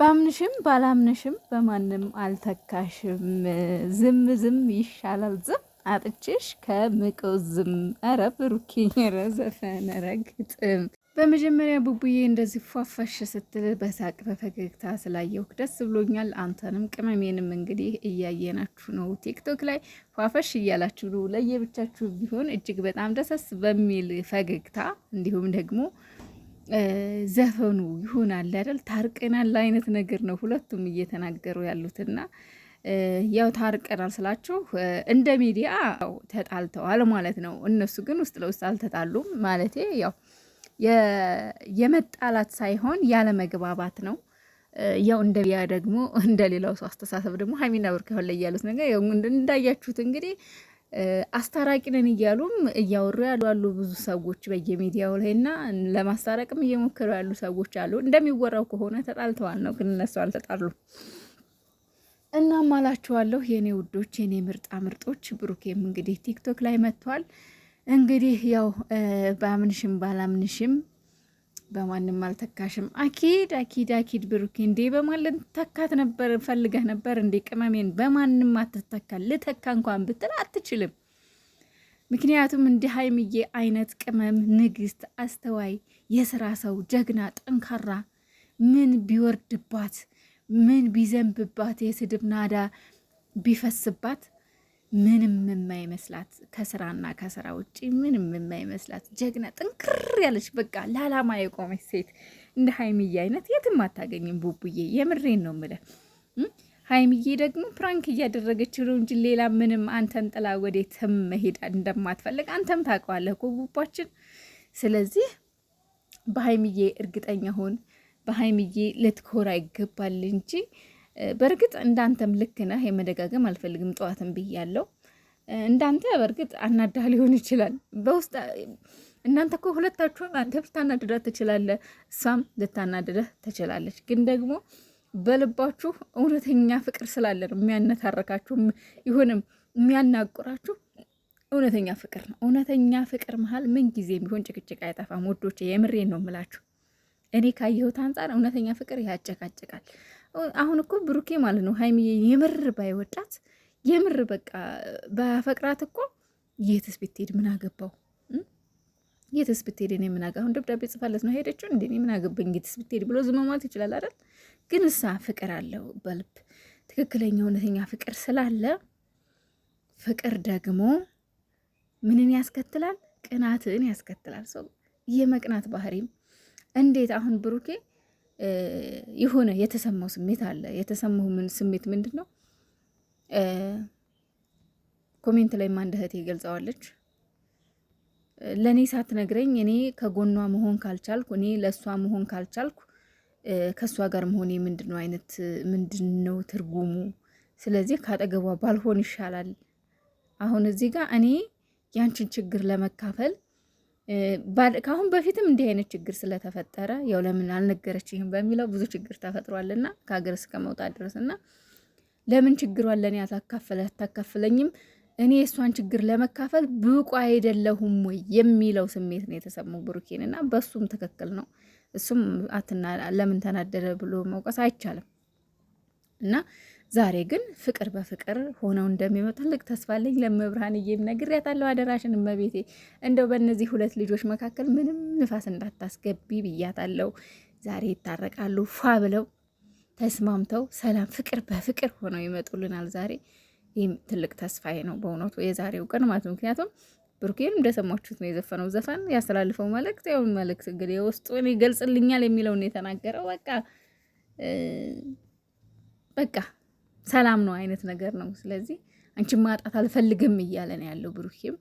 ባምንሽም ባላምንሽም በማንም አልተካሽም። ዝም ዝም ይሻላል ዝም አጥችሽ ከምቀው ዝም። ኧረ ብሩኬ፣ ኧረ ዘፈን፣ ኧረ ግጥም። በመጀመሪያ ቡቡዬ እንደዚህ ፏፋሽ ስትል በሳቅ በፈገግታ ስላየሁክ ደስ ብሎኛል። አንተንም ቅመሜንም እንግዲህ እያየናችሁ ነው፣ ቲክቶክ ላይ ፏፈሽ እያላችሁ ለየብቻችሁ ቢሆን እጅግ በጣም ደሰስ በሚል ፈገግታ እንዲሁም ደግሞ ዘፈኑ ይሆናል አይደል ታርቀናል አይነት ነገር ነው ሁለቱም እየተናገሩ ያሉትና ያው ታርቀናል ስላችሁ እንደ ሚዲያ ተጣልተዋል ማለት ነው። እነሱ ግን ውስጥ ለውስጥ አልተጣሉም ማለቴ ያው የመጣላት ሳይሆን ያለመግባባት ነው። ያው እንደ ሚዲያ ደግሞ እንደሌላው ሰው አስተሳሰብ ደግሞ ሀይሚና ብሩክ ላይ ያሉት ነገር እንዳያችሁት እንግዲህ አስታራቂ ነን እያሉም እያወሩ ያሉ አሉ ብዙ ሰዎች በየሚዲያው ላይ እና ለማስታረቅም እየሞከሩ ያሉ ሰዎች አሉ። እንደሚወራው ከሆነ ተጣልተዋል ነው፣ ግን እነሱ አልተጣሉ እናም አላችኋለሁ የኔ ውዶች፣ የኔ ምርጣ ምርጦች። ብሩኬም እንግዲህ ቲክቶክ ላይ መጥቷል። እንግዲህ ያው በአምንሽም ባላምንሽም በማንም አልተካሽም። አኪድ አኪድ አኪድ ብሩኬ እንዴ በማለት ተካት ነበር ፈልገህ ነበር እንዴ? ቅመሜን በማንም አትተካ። ልተካ እንኳን ብትል አትችልም። ምክንያቱም እንደ ሀይምዬ አይነት ቅመም ንግስት፣ አስተዋይ፣ የስራ ሰው፣ ጀግና፣ ጠንካራ ምን ቢወርድባት ምን ቢዘንብባት የስድብ ናዳ ቢፈስባት ምንም የማይመስላት ከስራና ከስራ ውጭ ምንም የማይመስላት ጀግና ጥንክር ያለች በቃ ለአላማ የቆመች ሴት እንደ ሀይሚዬ አይነት የትም አታገኝም። ቡቡዬ የምሬን ነው ምለ ሀይሚዬ ደግሞ ፕራንክ እያደረገች ነው እንጂ ሌላ ምንም አንተን ጥላ ወዴትም መሄድ እንደማትፈልግ አንተም ታውቀዋለህ እኮ ቡባችን። ስለዚህ በሀይሚዬ እርግጠኛ ሁን። በሀይሚዬ ልትኮራ ይገባል እንጂ በእርግጥ እንዳንተም ልክ ነህ። የመደጋገም አልፈልግም ጠዋትም ብያለሁ። እንዳንተ በእርግጥ አናዳህ ሊሆን ይችላል በውስጥ እናንተ እኮ ሁለታችሁም አንተ ልታናድዳ ትችላለህ፣ እሷም ልታናድደህ ትችላለች። ግን ደግሞ በልባችሁ እውነተኛ ፍቅር ስላለ ነው የሚያነታረካችሁ፣ ይሁንም የሚያናቁራችሁ እውነተኛ ፍቅር ነው። እውነተኛ ፍቅር መሀል ምን ጊዜ ቢሆን ጭቅጭቅ አይጠፋም። ወዶቼ የምሬን ነው ምላችሁ። እኔ ካየሁት አንጻር እውነተኛ ፍቅር ያጨቃጭቃል። አሁን እኮ ብሩኬ ማለት ነው ሀይሚዬ የምር ባይወዳት የምር በቃ በፈቅራት እኮ የትስ ብትሄድ ምን አገባው? የትስ ብትሄድ እኔ ምን አገባሁ? አሁን ደብዳቤ ጽፋለት ነው ሄደችው እንዴ? እኔ ምን አገባኝ የትስ ብትሄድ ብሎ ዝም ማለት ይችላል አይደል? ግን እሳ ፍቅር አለው በልብ ትክክለኛ እውነተኛ ፍቅር ስላለ ፍቅር ደግሞ ምንን ያስከትላል? ቅናትን ያስከትላል። ሰው የመቅናት ባህሪም እንዴት አሁን ብሩኬ የሆነ የተሰማው ስሜት አለ። የተሰማው ምን ስሜት ምንድን ነው? ኮሜንት ላይ አንድ እህቴ ገልጸዋለች። ለእኔ ሳትነግረኝ እኔ ከጎኗ መሆን ካልቻልኩ፣ እኔ ለእሷ መሆን ካልቻልኩ ከእሷ ጋር መሆኔ ምንድን ነው አይነት ምንድን ነው ትርጉሙ? ስለዚህ ካጠገቧ ባልሆን ይሻላል። አሁን እዚህ ጋር እኔ ያንቺን ችግር ለመካፈል ከአሁን በፊትም እንዲህ አይነት ችግር ስለተፈጠረ ያው ለምን አልነገረችህም በሚለው ብዙ ችግር ተፈጥሯልና ከሀገር እስከ መውጣት ድረስና ለምን ችግሯን ለእኔ አታካፍለ አታካፍለኝም እኔ የእሷን ችግር ለመካፈል ብቁ አይደለሁም ወይ የሚለው ስሜት ነው የተሰማው ብሩኬን እና በእሱም ትክክል ነው። እሱም አትና ለምን ተናደደ ብሎ መውቀስ አይቻልም እና ዛሬ ግን ፍቅር በፍቅር ሆነው እንደሚመጡ ትልቅ ተስፋ አለኝ። ለመብርሃንዬም ነግሬያታለሁ። አደራሽን እመቤቴ፣ እንደው በእነዚህ ሁለት ልጆች መካከል ምንም ንፋስ እንዳታስገቢ ብያታለሁ። ዛሬ ይታረቃሉ። ፏ ብለው ተስማምተው ሰላም ፍቅር በፍቅር ሆነው ይመጡልናል ዛሬ። ይህም ትልቅ ተስፋዬ ነው በእውነቱ የዛሬው ቀን ማለት ምክንያቱም ብሩኬን እንደሰማችሁት ነው የዘፈነው ዘፈን ያስተላልፈው መልእክት ያው መልእክት እንግዲህ የውስጡን ይገልጽልኛል የሚለውን የተናገረው በቃ በቃ ሰላም ነው አይነት ነገር ነው። ስለዚህ አንቺን ማጣት አልፈልግም እያለ ነው ያለው ብሩኬም።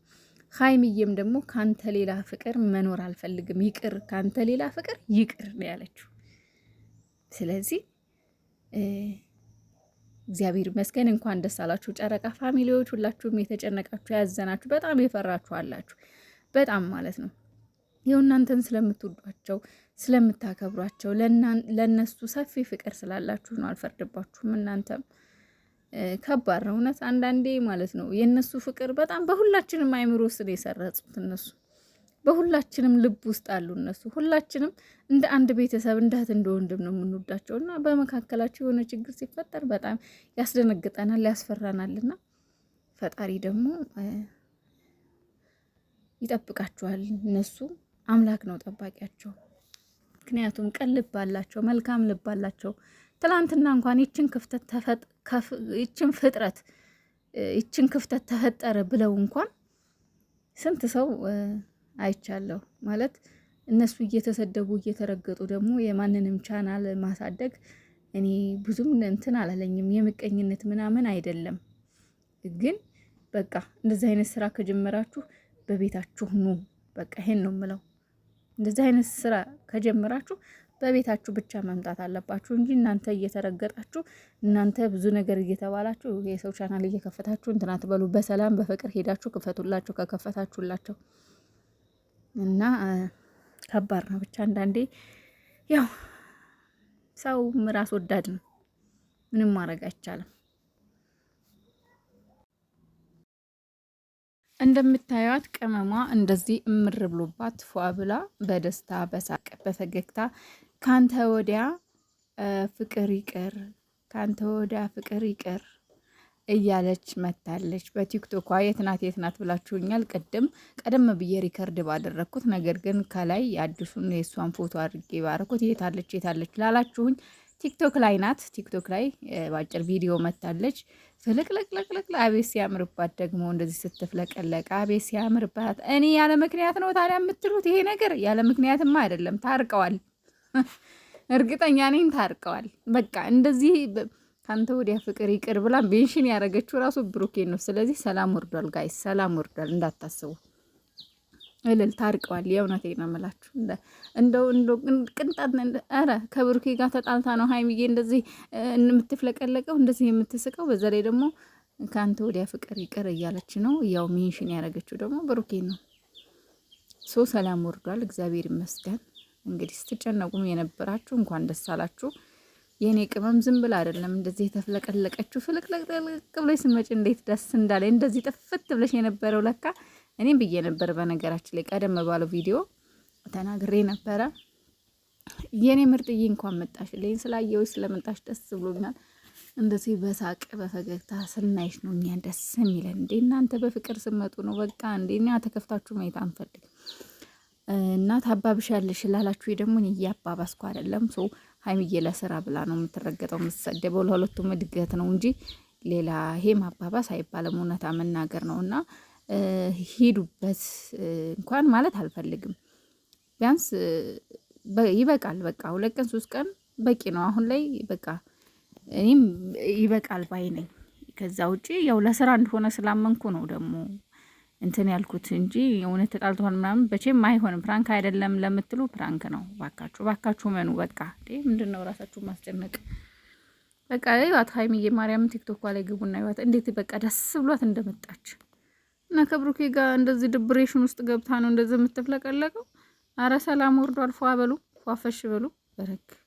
ሀይሚዬም ደግሞ ካንተ ሌላ ፍቅር መኖር አልፈልግም ይቅር፣ ከአንተ ሌላ ፍቅር ይቅር ነው ያለችው። ስለዚህ እግዚአብሔር ይመስገን። እንኳን ደስ አላችሁ ጨረቃ ፋሚሊዎች፣ ሁላችሁም የተጨነቃችሁ ያዘናችሁ፣ በጣም የፈራችሁ አላችሁ፣ በጣም ማለት ነው ይኸው እናንተን ስለምትወዷቸው ስለምታከብሯቸው ለእነሱ ሰፊ ፍቅር ስላላችሁ ነው። አልፈርድባችሁም እናንተም ከባድ ነው እውነት አንዳንዴ ማለት ነው። የእነሱ ፍቅር በጣም በሁላችንም አይምሮ ስር የሰረጹት እነሱ በሁላችንም ልብ ውስጥ አሉ እነሱ። ሁላችንም እንደ አንድ ቤተሰብ እንደ እህት እንደ ወንድም ነው የምንወዳቸው እና በመካከላቸው የሆነ ችግር ሲፈጠር በጣም ያስደነግጠናል፣ ያስፈራናል እና ፈጣሪ ደግሞ ይጠብቃቸዋል። እነሱ አምላክ ነው ጠባቂያቸው። ምክንያቱም ቀን ልብ አላቸው፣ መልካም ልብ አላቸው። ትላንትና እንኳን ይችን ክፍተት ይችን ፍጥረት ይችን ክፍተት ተፈጠረ ብለው እንኳን ስንት ሰው አይቻለሁ ማለት እነሱ እየተሰደቡ እየተረገጡ ደግሞ የማንንም ቻናል ማሳደግ እኔ ብዙም እንትን አላለኝም። የምቀኝነት ምናምን አይደለም። ግን በቃ እንደዚህ አይነት ስራ ከጀመራችሁ በቤታችሁ ኑ። በቃ ይሄን ነው የምለው። እንደዚህ አይነት ስራ ከጀመራችሁ በቤታችሁ ብቻ መምጣት አለባችሁ እንጂ እናንተ እየተረገጣችሁ እናንተ ብዙ ነገር እየተባላችሁ የሰው ቻናል እየከፈታችሁ እንትን አትበሉ። በሰላም በፍቅር ሄዳችሁ ክፈቱላቸው ከከፈታችሁላቸው እና ከባድ ነው። ብቻ አንዳንዴ ያው ሰው ራስ ወዳድ ነው፣ ምንም ማድረግ አይቻልም። እንደምታዩት ቅመሟ እንደዚህ እምር ብሎባት ፏ ብላ በደስታ በሳቅ በፈገግታ ካንተ ወዲያ ፍቅር ይቅር፣ ካንተ ወዲያ ፍቅር ይቅር እያለች መታለች። በቲክቶኳ የት ናት የት ናት ብላችሁኛል። ቅድም ቀደም ብዬ ሪከርድ ባደረግኩት ነገር ግን ከላይ የአዲሱን የእሷን ፎቶ አድርጌ ባረኩት። የታለች የታለች ላላችሁኝ ቲክቶክ ላይ ናት። ቲክቶክ ላይ በአጭር ቪዲዮ መታለች። ፍልቅልቅልቅልቅ አቤት ሲያምርባት፣ ደግሞ እንደዚህ ስትፍለቀለቅ አቤት ሲያምርባት። እኔ ያለ ምክንያት ነው ታዲያ የምትሉት? ይሄ ነገር ያለ ምክንያትማ አይደለም። ታርቀዋል። እርግጠኛ ነኝ ታርቀዋል። በቃ እንደዚህ ከአንተ ወዲያ ፍቅር ይቅር ብላ ቤንሽን ያደረገችው ራሱ ብሩኬን ነው። ስለዚህ ሰላም ወርዷል፣ ጋይ ሰላም ወርዷል እንዳታስቡ። እልል ታርቀዋል። የእውነት ነው የምላችሁ። እንደው እንደው ቅንጣት ኧረ ከብሩኬ ጋር ተጣልታ ነው ሀይሚዬ እንደዚህ የምትፍለቀለቀው እንደዚህ የምትስቀው። በዛ ላይ ደግሞ ከአንተ ወዲያ ፍቅር ይቅር እያለች ነው። ያው ሜንሽን ያደረገችው ደግሞ ብሩኬን ነው። ሶ ሰላም ወርዷል፣ እግዚአብሔር ይመስገን። እንግዲህ ስትጨነቁም የነበራችሁ እንኳን ደስ አላችሁ። የእኔ ቅመም ዝም ብላ አይደለም እንደዚህ የተፍለቀለቀችው ፍልቅለቅ ብለሽ ስመጭ እንዴት ደስ እንዳለ እንደዚህ ጥፍት ብለሽ የነበረው ለካ እኔም ብዬ ነበር። በነገራችን ላይ ቀደም ባለው ቪዲዮ ተናግሬ ነበረ። የእኔ ምርጥዬ እንኳን መጣሽ ልኝ ስላየሁሽ ስለመጣሽ ደስ ብሎኛል። እንደዚህ በሳቅ በፈገግታ ስናይሽ ነው እኛ ደስ የሚለን። እንዴ እናንተ በፍቅር ስመጡ ነው በቃ እንዴ እኛ ተከፍታችሁ ማየት አንፈልግም። እና ታባብሻለሽ ላላችሁ ደግሞ እኔ እያባባስኩ አይደለም። ሶ ሀይሚዬ ለስራ ብላ ነው የምትረገጠው የምትሰደበው። ለሁለቱም እድገት ነው እንጂ ሌላ ይሄ ማባባስ አይባልም። እውነታ መናገር ነው እና ሂዱበት እንኳን ማለት አልፈልግም። ቢያንስ ይበቃል። በቃ ሁለት ቀን ሶስት ቀን በቂ ነው። አሁን ላይ በቃ እኔም ይበቃል ባይ ነኝ። ከዛ ውጪ ያው ለስራ እንደሆነ ስላመንኩ ነው ደግሞ እንትን ያልኩት እንጂ እውነት ተጣልተዋል ምናምን በቼም አይሆንም። ፕራንክ አይደለም ለምትሉ ፕራንክ ነው። ባካችሁ ባካችሁ መኑ በቃ ምንድን ነው ራሳችሁ ማስጨነቅ። በቃ ይዋት ሀይሚዬ ማርያምን ቲክቶክ ላይ ግቡና ይዋት እንዴት በቃ ደስ ብሏት እንደመጣች እና ከብሩኬ ጋር እንደዚህ ድብሬሽን ውስጥ ገብታ ነው እንደዚህ የምትፍለቀለቀው። አረ ሰላም ወርዶ አልፎ አበሉ ፏፈሽ በሉ በረግ